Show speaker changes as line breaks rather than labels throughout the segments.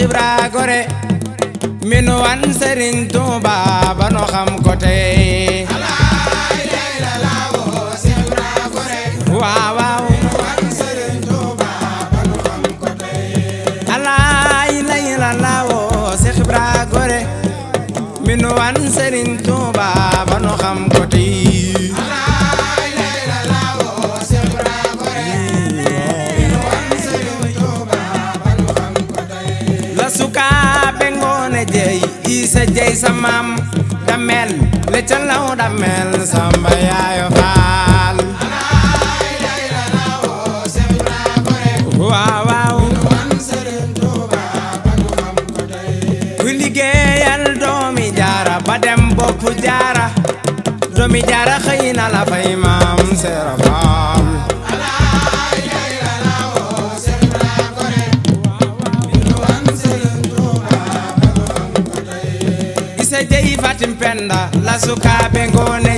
Ibra Gore mi nu wan Sëriñ Tuuba ba nu xam ko tey waaw waaw mi nu wan Sëriñ Tuuba ba nu xam ko tey jey isa jey sa maam damel le ca law damel samba yaayo faal waaw waaw ku liggéeyal doomi jaara ba dem bopp jaara doomi jaara xëy na la fay maam seera kanda la sukaɓe ngone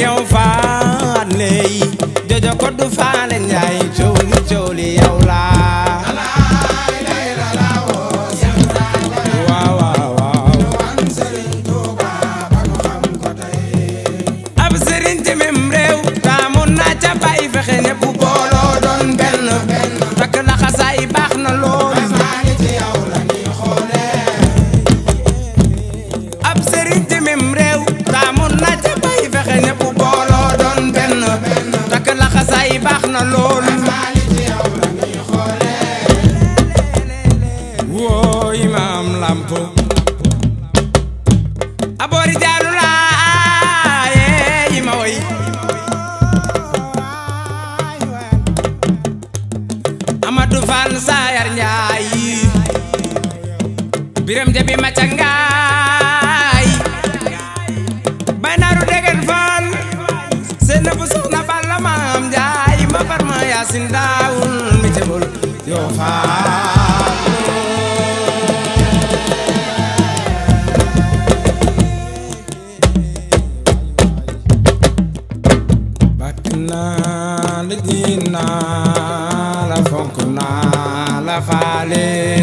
yow faat ney jojo ko du faale njaay cooli cooli yow laa ab sëriñ ci mim réew taamu naa ca bàyyi fexe ne bu biram jabi ma cangaay bay naaru degen faal seen na bu soxna bal la maam jaay ma far ma yaasin daawul mi jëmul yoo faal bakk naa la jiin naa la fonk naa la faale